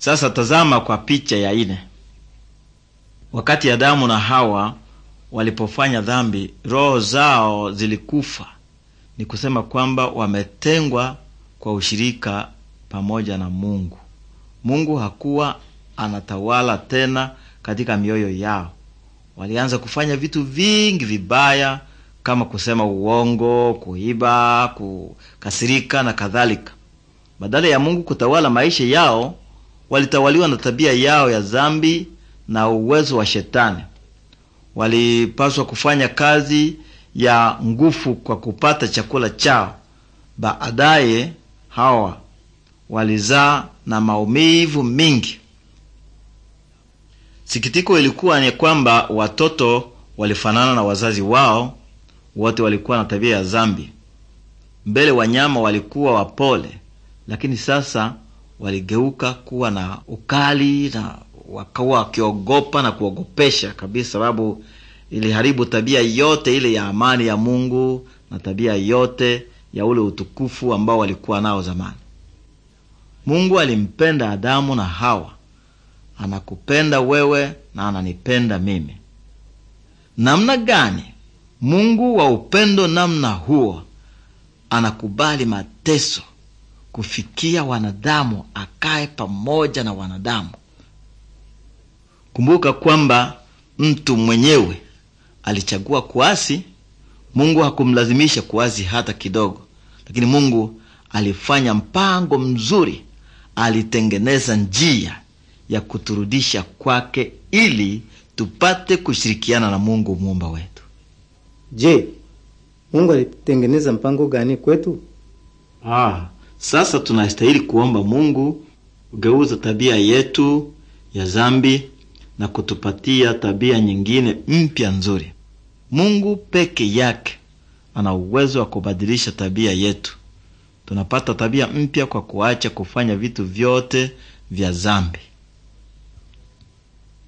Sasa tazama kwa picha ya ine. Wakati Adamu na Hawa walipofanya dhambi, roho zao zilikufa, ni kusema kwamba wametengwa kwa ushirika pamoja na Mungu. Mungu hakuwa anatawala tena katika mioyo yao. Walianza kufanya vitu vingi vibaya kama kusema uongo, kuiba, kukasirika na kadhalika. Badala ya Mungu kutawala maisha yao, walitawaliwa na tabia yao ya zambi na uwezo wa Shetani. Walipaswa kufanya kazi ya ngufu kwa kupata chakula chao. Baadaye hawa walizaa na maumivu mingi. Sikitiko ilikuwa ni kwamba watoto walifanana na wazazi wao, wote walikuwa na tabia ya zambi Mbele wanyama walikuwa wapole, lakini sasa waligeuka kuwa na ukali na wakawa wakiogopa na kuogopesha kabisa, sababu iliharibu tabia yote ile ya amani ya Mungu na tabia yote ya ule utukufu ambao walikuwa nao zamani. Mungu alimpenda Adamu na Hawa. Anakupenda wewe na ananipenda mimi. Namna gani Mungu wa upendo namna huo anakubali mateso kufikia wanadamu, akae pamoja na wanadamu. Kumbuka kwamba mtu mwenyewe alichagua kuasi. Mungu hakumlazimisha kuasi hata kidogo, lakini Mungu alifanya mpango mzuri, alitengeneza njia ya kuturudisha kwake ili tupate kushirikiana na Mungu muumba wetu. Je, Mungu alitengeneza mpango gani kwetu? Ah. Sasa tunastahili kuomba Mungu kugeuza tabia yetu ya zambi na kutupatia tabia nyingine mpya nzuri. Mungu peke yake ana uwezo wa kubadilisha tabia yetu. Tunapata tabia mpya kwa kuacha kufanya vitu vyote vya zambi.